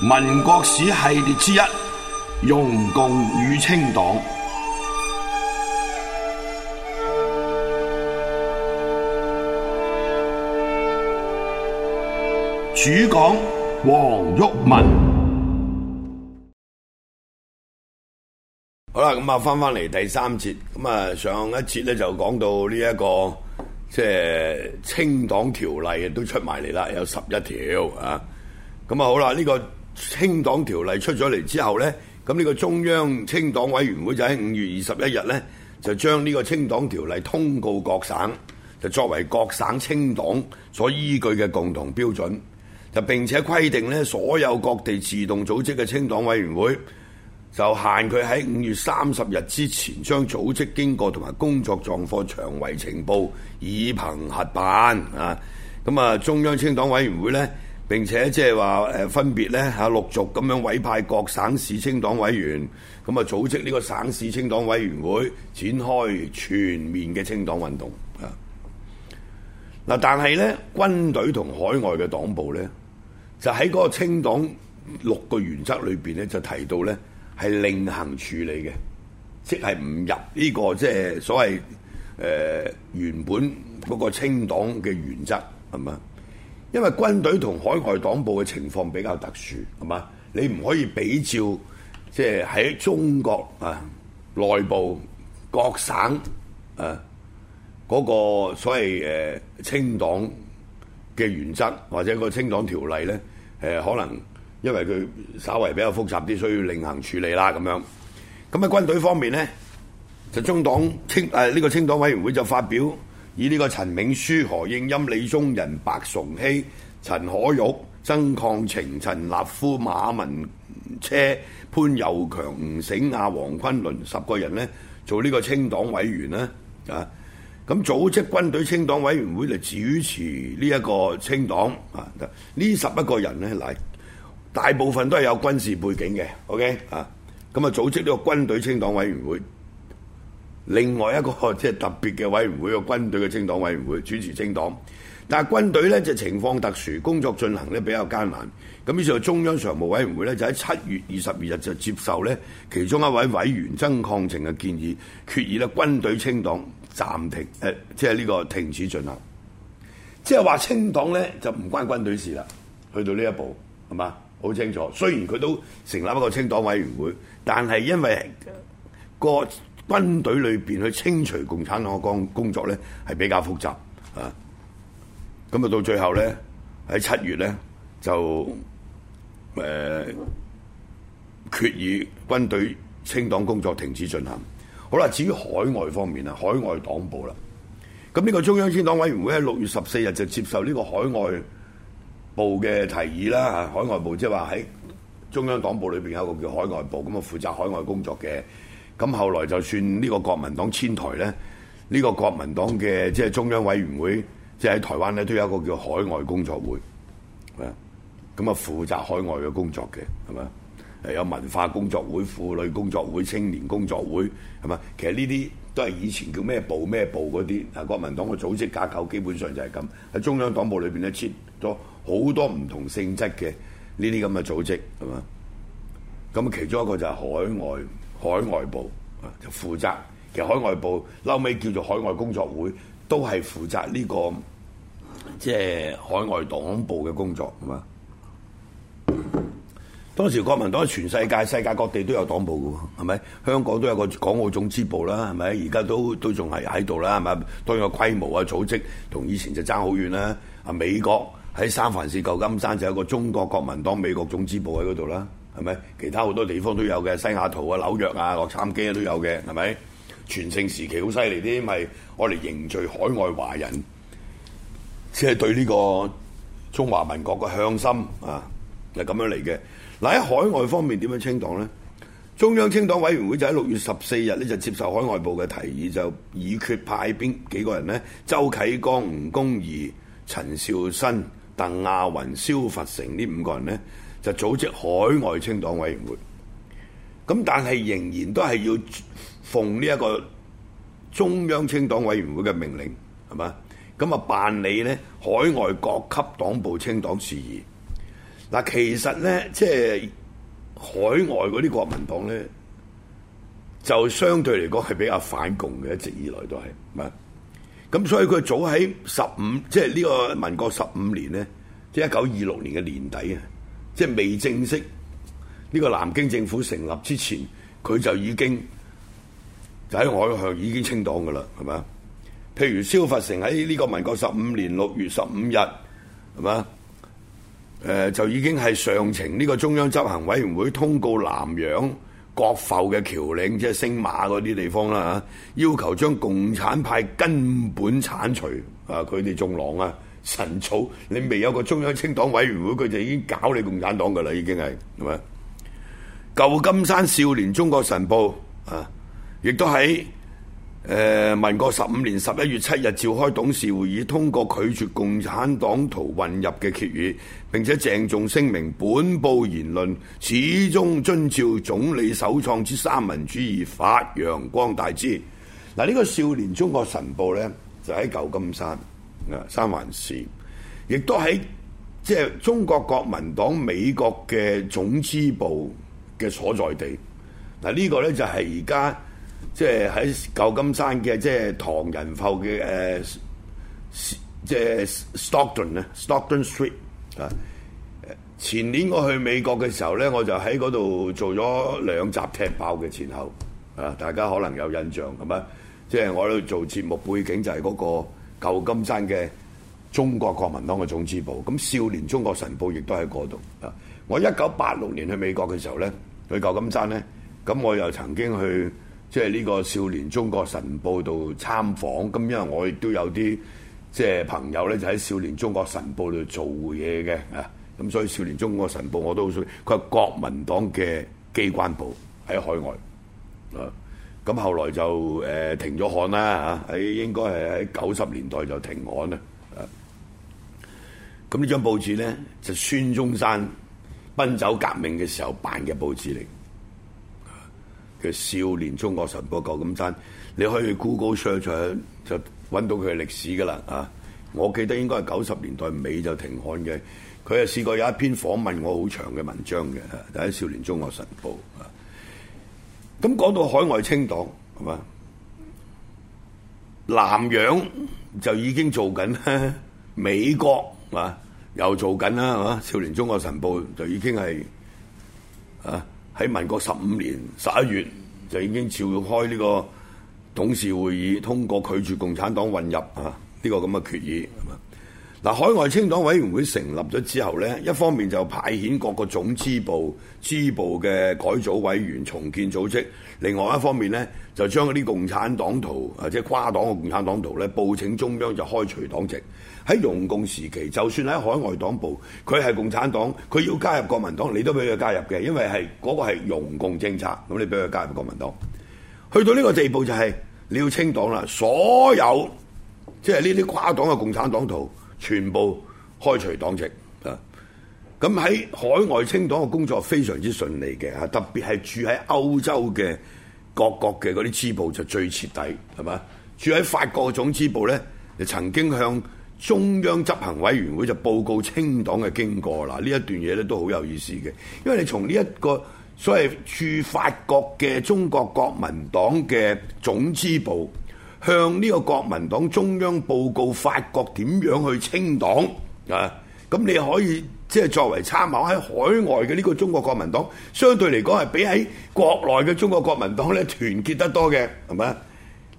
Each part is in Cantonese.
民國史系列之一，容共與清黨，主講黃毓民。好啦，咁啊，翻翻嚟第三節，咁啊，上一節咧就講到呢、這、一個即係清黨條例都出埋嚟啦，有十一條啊，咁啊，好啦，呢、這個。清黨條例出咗嚟之後呢，咁呢個中央清黨委員會就喺五月二十一日呢，就將呢個清黨條例通告各省，就作為各省清黨所依據嘅共同標準，就並且規定呢所有各地自動組織嘅清黨委員會，就限佢喺五月三十日之前將組織經過同埋工作狀況詳為呈報，以憑核辦啊，咁啊中央清黨委員會呢。並且即係話誒分別咧嚇、啊，陸續咁樣委派各省市清黨委員，咁啊組織呢個省市清黨委員會，展開全面嘅清黨運動啊！嗱，但係咧軍隊同海外嘅黨部咧，就喺嗰個清黨六個原則裏邊咧，就提到咧係另行處理嘅，即係唔入呢、呢個即係、即係、所謂誒、呃、原本嗰個清黨嘅原則係咪？因為軍隊同海外黨部嘅情況比較特殊，係嘛？你唔可以比照，即係喺中國啊內部各省啊嗰、那個所謂誒、呃、清黨嘅原則，或者個清黨條例咧誒、呃，可能因為佢稍微比較複雜啲，需要另行處理啦咁樣。咁、嗯、喺軍隊方面咧，就中黨清誒呢、呃這個清黨委員會就發表。以呢個陳銘書、何應欽、李宗仁、白崇禧、陳可玉、曾擴情、陳立夫、馬文車、潘又強、吳醒亞、黃坤麟十個人呢做呢個清黨委員啦啊！咁組織軍隊清黨委員會嚟主持呢一個清黨啊！呢十一個人呢，嗱大部分都係有軍事背景嘅，OK 啊？咁啊，組織呢個軍隊清黨委員會。另外一個即係特別嘅委員會個軍隊嘅清黨委員會主持清黨，但係軍隊咧就情況特殊，工作進行咧比較艱難。咁於是乎中央常務委員會咧就喺七月二十二日就接受咧其中一位委員曾抗情嘅建議，決議咧軍隊清黨暫停，誒、呃、即係呢個停止進行，即係話清黨呢就唔關軍隊事啦。去到呢一步係嘛，好清楚。雖然佢都成立一個清黨委員會，但係因為、嗰個。軍隊裏邊去清除共產黨嘅工工作咧，係比較複雜啊！咁啊，到最後咧，喺七月咧就誒、呃、決議軍隊清黨工作停止進行。好啦，至於海外方面啊，海外黨部啦，咁呢個中央清黨委員會喺六月十四日就接受呢個海外部嘅提議啦，啊，海外部即係話喺中央黨部裏邊有一個叫海外部，咁啊負責海外工作嘅。咁後來就算呢個國民黨遷台呢，呢、呢個國民黨嘅即係中央委員會，即係喺台灣呢，都有一個叫海外工作會，咁啊負責海外嘅工作嘅係嘛，有文化工作會、婦女工作會、青年工作會係嘛，其實呢啲都係以前叫咩部咩部嗰啲啊，國民黨嘅組織架構基本上就係咁，喺中央黨部裏邊呢，設咗好多唔同性質嘅呢啲咁嘅組織係嘛，咁其中一個就係海外。海外部啊，就負責其實海外部，後尾叫做海外工作會，都係負責呢個即係海外黨部嘅工作，係嘛？當時國民黨全世界世界各地都有黨部嘅喎，係咪香港都有個港澳總支部啦？係咪而家都都仲係喺度啦？係咪當然個規模啊、組織同以前就爭好遠啦。啊，美國喺三藩市舊金山就有個中國國民黨美國總支部喺嗰度啦。.係咪？其他好多地方都有嘅，西雅圖啊、紐約啊、洛杉磯啊都有嘅，係咪？全盛時期好犀利啲，咪我嚟凝聚海外華人，即係對呢個中華民國嘅向心啊，係咁樣嚟嘅。嗱，喺海外方面點樣清黨咧？中央清黨委員會就喺六月十四日咧就接受海外部嘅提議，就已決派邊幾個人咧？周啟光、吳公儀、陳肇新、鄧亞雲、蕭佛成呢五個人咧。就組織海外清黨委員會，咁但係仍然都係要奉呢一個中央清黨委員會嘅命令，係嘛？咁啊辦理咧海外各級黨部清黨事宜。嗱，其實咧即係海外嗰啲國民黨咧，就相對嚟講係比較反共嘅，一直以來都係，唔係。咁所以佢早喺十五，即係呢個民國十五年咧，即係一九二六年嘅年底啊。即係未正式呢、這個南京政府成立之前，佢就已經就喺海向已經清黨㗎啦，係咪啊？譬如蕭佛成喺呢個民國十五年六月十五日，係咪啊？誒就已經係上呈呢個中央執行委員會通告南洋各埠嘅僑領，即係星馬嗰啲地方啦嚇、啊，要求將共產派根本剷除啊！佢哋仲狼啊！斬草，你未有個中央清黨委員會，佢就已經搞你共產黨噶啦，已經係係咪？舊金山少年中國晨報啊，亦都喺誒、呃、民國十五年十一月七日召開董事會議，通過拒絕共產黨圖混入嘅決議，並且鄭重聲明本報言論始終遵照總理首創之三民主義發揚光大之。嗱、啊，呢、這個少年中國晨報呢，就喺舊金山。啊，三藩市，亦都喺即係中國國民黨美國嘅總支部嘅所在地。嗱、這個，呢個咧就係而家即係喺舊金山嘅即係唐人埠嘅誒，即係 Stockton 啊。Stockton Street 啊。前年我去美國嘅時候咧，我就喺嗰度做咗兩集踢爆嘅前後啊，大家可能有印象咁啊。即係我喺度做節目背景就係嗰、那個。舊金山嘅中國國民黨嘅總支部，咁少年中國晨報亦都喺嗰度啊！我一九八六年去美國嘅時候咧，去舊金山咧，咁我又曾經去即係呢個少年中國晨報度參訪，咁因為我亦都有啲即係朋友咧，就喺少年中國晨報度做嘢嘅啊，咁所以少年中國晨報我都好熟悉，佢係國民黨嘅機關報，喺海外啊。咁後來就誒停咗刊啦嚇，喺應該係喺九十年代就停刊啦。咁、啊、呢張報紙咧就是、孫中山奔走革命嘅時候辦嘅報紙嚟，嘅、啊啊啊。少年中國晨報》啊。舊金山你可以 Google search 就揾到佢嘅歷史噶啦嚇。我記得應該係九十年代尾就停刊嘅。佢又試過有一篇訪問我好長嘅文章嘅，喺《少年中國晨報》。咁講到海外清黨，係嘛？南洋就已經做緊啦，美國啊又做緊啦，係嘛？《少年中國晨報》就已經係啊喺民國十五年十一月就已經召開呢個董事會議，通過拒絕共產黨混入啊呢個咁嘅決議，係嘛？嗱，海外清黨委員會成立咗之後呢，一方面就派遣各個總支部、支部嘅改組委員、重建組織；另外一方面呢，就將嗰啲共產黨徒，或者跨黨嘅共產黨徒呢，報請中央就開除黨籍。喺容共時期，就算喺海外黨部，佢係共產黨，佢要加入國民黨，你都俾佢加入嘅，因為係嗰、那個係容共政策，咁你俾佢加入國民黨。去到呢個地步就係、是、你要清黨啦，所有即係呢啲跨黨嘅共產黨徒。全部開除黨籍啊！咁喺海外清黨嘅工作非常之順利嘅嚇、啊，特別係住喺歐洲嘅各國嘅嗰啲支部就最徹底係嘛？住喺法國嘅總支部呢，就曾經向中央執行委員會就報告清黨嘅經過啦。呢、啊、一段嘢咧都好有意思嘅，因為你從呢一個所謂住法國嘅中國國民黨嘅總支部，向呢個國民黨中央報告法國點樣去清黨啊？咁你可以即係作為參考。喺海外嘅呢個中國國民黨相對嚟講係比喺國內嘅中國國民黨咧團結得多嘅係咪？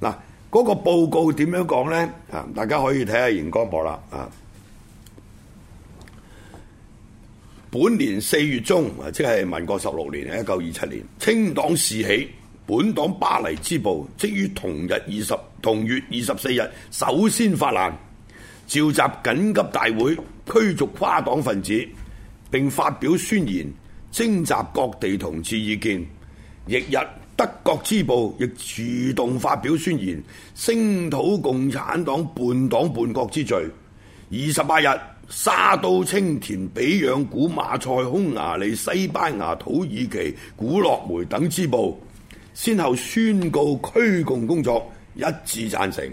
嗱，嗰、啊嗰個報告點樣講呢？啊？大家可以睇下熒光幕啦啊！本年四月中，即係民國十六年一九二七年，清黨事起。本黨巴黎支部即於同日二十同月二十四日首先發難，召集緊急大會，驅逐跨黨分子，並發表宣言，徵集各地同志意見。翌日，德國支部亦主動發表宣言，聲討共產黨半黨半國之罪。二十八日，沙都、清田、比讓古馬賽、匈牙利、西班牙、土耳其、古洛梅等支部。先後宣告驅共工作一致贊成，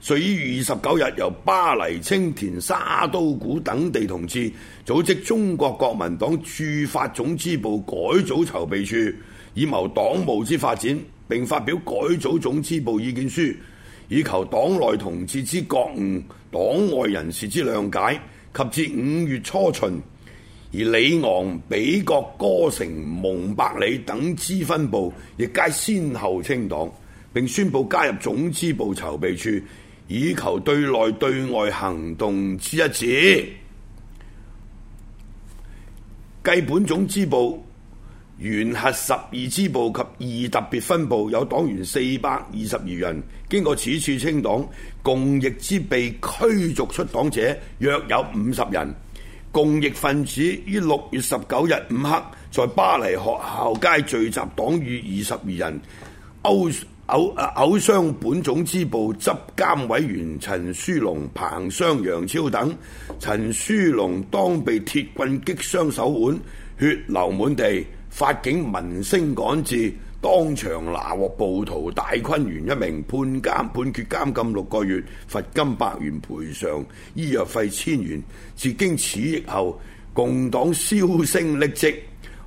遂於二十九日由巴黎、青田、沙都古等地同志組織中國國民黨駐法總支部改組籌備處，以謀黨務之發展，並發表改組總支部意見書，以求黨內同志之覺悟、黨外人士之諒解，及至五月初旬。而里昂、比國、歌城、蒙百里等支分部亦皆先後清黨，並宣布加入總支部籌備處，以求對內對外行動之一致。繼本總支部、原核十二支部及二特別分部有黨員四百二十二人，經過此次清黨，共亦之被驅逐出黨者約有五十人。共逆分子於六月十九日午刻，在巴黎學校街聚集，黨羽二十二人，毆毆毆傷本總支部執監委員陳書龍、彭商、楊超等。陳書龍當被鐵棍擊傷手腕，血流滿地，法警聞聲趕至。當場拿獲暴徒大坤元一名，判監判決監禁六個月，罰金百元，賠償醫藥費千元。自經此役後，共黨銷聲匿跡，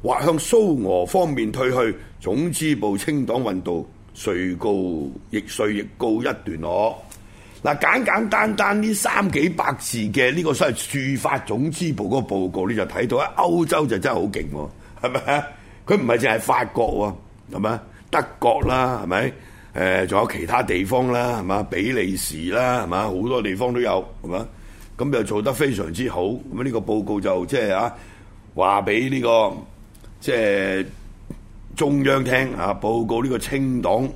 或向蘇俄方面退去。總支部清黨運動遂告、亦遂亦告一段落。嗱、哦，簡簡單單呢三幾百字嘅呢、呢個所謂駐法總支部嗰個報告，你就睇到喺歐洲就真係好勁，係咪啊？佢唔係淨係法國喎。咁啊，德國啦，係咪？誒，仲有其他地方啦，係嘛？比利時啦，係嘛？好多地方都有，係嘛？咁又做得非常之好。咁呢個報告就即係啊，話俾呢個即係中央聽啊，報告呢個清黨，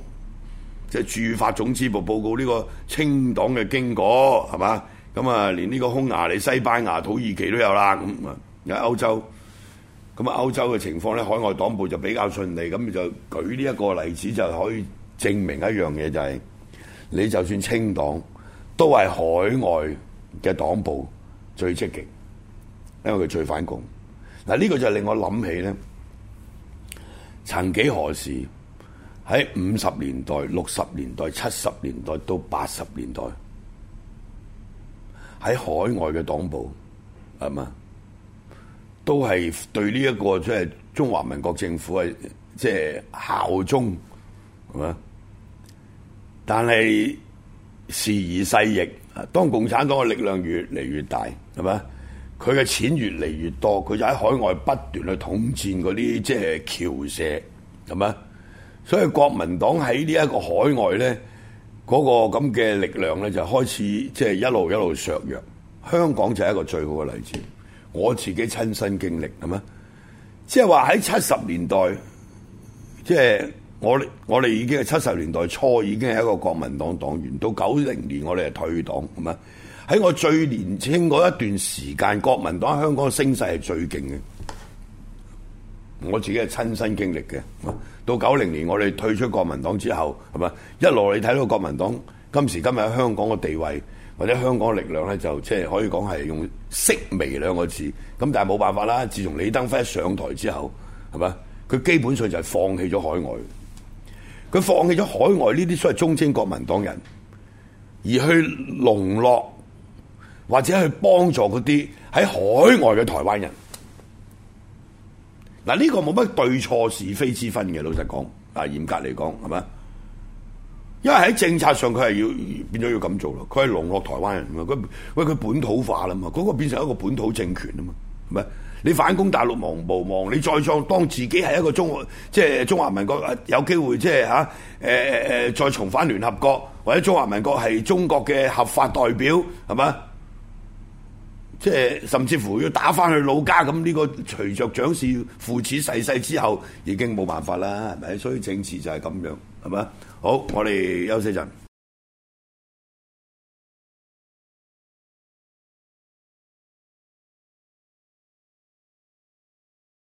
即係駐法總支部報告呢個清黨嘅經過，係嘛？咁、嗯、啊，連呢個匈牙利、西班牙、土耳其都有啦。咁啊，而家歐洲。咁啊，歐洲嘅情況咧，海外黨部就比較順利，咁就舉呢一個例子就可以證明一樣嘢，就是，就係你就算清黨，都係海外嘅黨部最積極，因為佢最反共。嗱呢個就令我諗起咧，曾幾何時喺五十年代、六十年代、七十年代到八十年代，喺海外嘅黨部係嘛？都係對呢、這、一個即係、就是、中華民國政府係即係效忠，係嘛？但係時移勢易，當共產黨嘅力量越嚟越大，係嘛？佢嘅錢越嚟越多，佢就喺海外不斷去統戰嗰啲即係僑社，係、就、嘛、是？所以國民黨喺呢一個海外咧，嗰、那個咁嘅力量咧就開始即係、就是、一路一路削弱。香港就係一個最好嘅例子。我自己親身經歷，係咩？即係話喺七十年代，即係我我哋已經係七十年代初已經係一個國民黨黨員，到九零年我哋係退黨，係咩？喺我最年青嗰一段時間，國民黨香港嘅聲勢係最勁嘅。我自己係親身經歷嘅。到九零年我哋退出國民黨之後，係咪？一路你睇到國民黨今時今日喺香港嘅地位。或者香港力量咧，就即係可以講係用色微兩個字，咁但係冇辦法啦。自從李登輝一上台之後，係嘛，佢基本上就係放棄咗海外，佢放棄咗海外呢啲所謂中青國民黨人，而去籠絡或者去幫助嗰啲喺海外嘅台灣人。嗱，呢個冇乜對錯是非之分嘅，老實講，但嚴格嚟講，係嘛？因為喺政策上佢係要變咗要咁做咯，佢係籠絡台灣人嘛，佢喂佢本土化啦嘛，嗰個變成一個本土政權啦嘛，唔係你反攻大陸無無望，你再想當自己係一個中即係中華民國有機會即係嚇誒誒再重返聯合國或者中華民國係中國嘅合法代表係嘛？即係甚至乎要打翻去老家咁，呢個隨着蔣氏父子逝世之後已經冇辦法啦，係咪？所以政治就係咁樣。係嘛？好，我哋休息一陣。